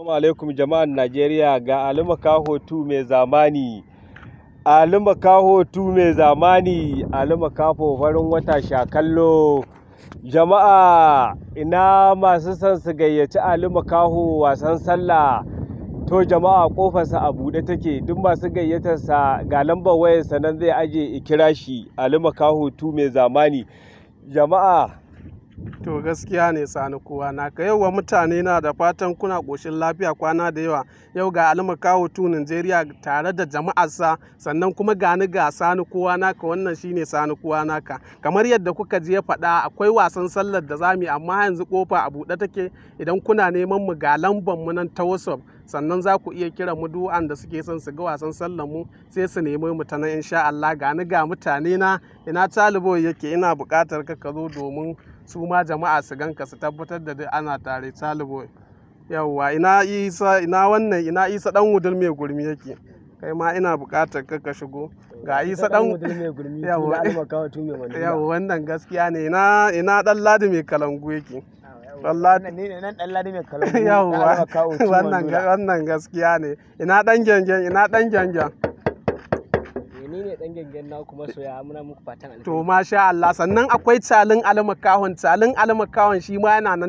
Assalamu alaikum jama'an Najeriya ga Ali Kaho tu mai zamani. Ali Kaho tu mai zamani, Ali Kaho farin wata sha kallo. Jama'a ina masu son su gayyaci Ali Makaho wasan sallah. To jama'a kofarsa a buɗe take duk masu gayyatar sa ga lambar wayarsa nan zai aje ikira shi Ali tu mai zamani. Jama'a to gaskiya ne sani kowa na ka yau wa mutane na da fatan kuna koshin lafiya kwana da yawa yau ga alima kawo tu nigeria tare da jama'arsa sannan kuma gani ga sani kowa na ka wannan shine sani kowa na ka kamar yadda kuka je faɗa akwai wasan sallar da zamu amma yanzu kofa a buɗe take idan kuna neman mu ga lamban mu nan ta whatsapp sannan za ku iya kiran mu du'an da suke son su ga wasan sallar mu sai su nemi mu ta nan insha Allah gani ga mutane na ina talibo yake ina buƙatar ka ka zo domin su ma jama'a su ganka su tabbatar da duk ana tare talibo yawwa ina isa ina wannan ina isa dan wudul mai gurmi yake kai ma ina buƙatar ka ka shigo ga isa dan wudul mai gurmi yawwa wannan gaskiya ne ina ina dan ladi mai kalangu yake wannan gaskiya ne ina dan gyangen ina dan gyangen ni ne dan gangan na kuma soya muna muku fatan alheri to masha Allah sannan akwai talin almakahon talin almakahon shi ma yana nan